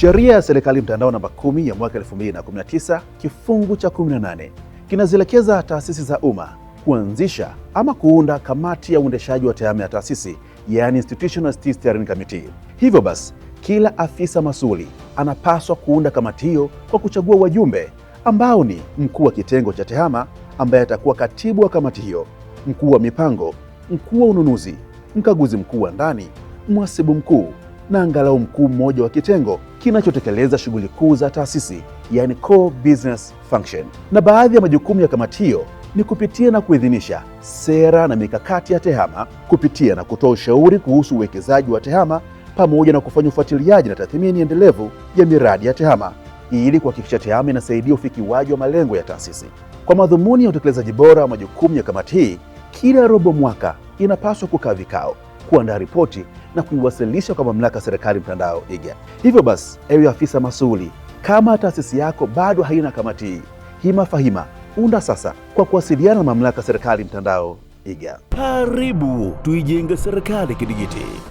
Sheria ya serikali mtandao namba 10 ya mwaka 2019 kifungu cha 18 kinazielekeza taasisi za umma kuanzisha ama kuunda kamati ya uendeshaji wa tehama ya taasisi, yaani Institutional Steering Committee. Hivyo basi, kila afisa masuli anapaswa kuunda kamati hiyo kwa kuchagua wajumbe ambao ni mkuu wa kitengo cha tehama ambaye atakuwa katibu wa kamati hiyo, mkuu wa mipango, mkuu wa ununuzi, mkaguzi mkuu wa ndani, mhasibu mkuu na angalau mkuu mmoja wa kitengo kinachotekeleza shughuli kuu za taasisi, yani core business function. Na baadhi ya majukumu ya kamati hiyo ni kupitia na kuidhinisha sera na mikakati ya TEHAMA, kupitia na kutoa ushauri kuhusu uwekezaji wa TEHAMA pamoja na kufanya ufuatiliaji na tathmini endelevu ya miradi ya TEHAMA ili kuhakikisha TEHAMA inasaidia ufikiwaji wa malengo ya taasisi. Kwa madhumuni ya utekelezaji bora wa majukumu ya kamati hii, kila robo mwaka inapaswa kukaa vikao kuandaa ripoti na kuiwasilisha kwa mamlaka ya serikali mtandao iga. Hivyo basi, ewe afisa masuuli, kama taasisi yako bado haina kamati hii, hima fahima unda sasa kwa kuwasiliana na mamlaka ya serikali mtandao iga. Karibu tuijenge serikali kidigiti.